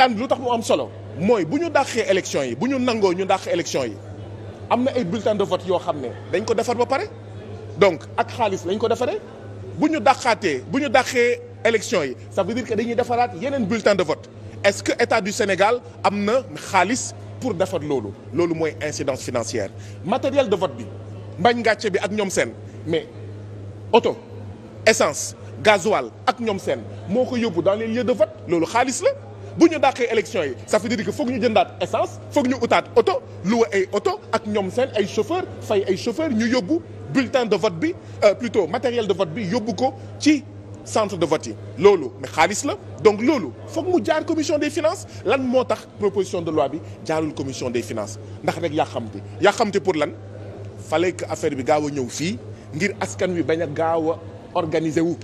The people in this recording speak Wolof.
waxtaan lu tax mu am solo mooy bu ñu dàqee élection yi bu ñu nangoo ñu dàq élection yi am na ay bulletin de vote yoo xam ne dañ ko defar ba pare donc ak xaalis lañ ko defaree bu ñu dàqaatee bu ñu dàqee élection yi ça veut dire que dañuy defaraat yeneen bulletin de vote est-ce que état du Sénégal am na xaalis pour defar loolu loolu mooy incidence financière matériel de vote bi mbañ ngàcce bi ak ñoom seen mais auto essence gasoil ak ñoom seen moo ko yóbbu dans les lieux de vote loolu xaalis la bu ñu dàqee élection yi ça veut dire que foog ñu jëndaat essence foog ñu utaat oto luwa ay oto ak ñoom seen ay chauffeur fay ay chauffeur ñu yóbbu bulletin de vote bi euh, plutôt matériel de vote bi yóbbu ko ci centre de vote yi loolu mais xaalis la donc loolu foog mu jaar commission des finances lan moo tax proposition de loi bi jaarul commission des finances ndax rek yaa xam te yaa xam te pour lan fallait que affaire bi gaaw a ñëw fii ngir askan wi bañ a gaaw a organiser wu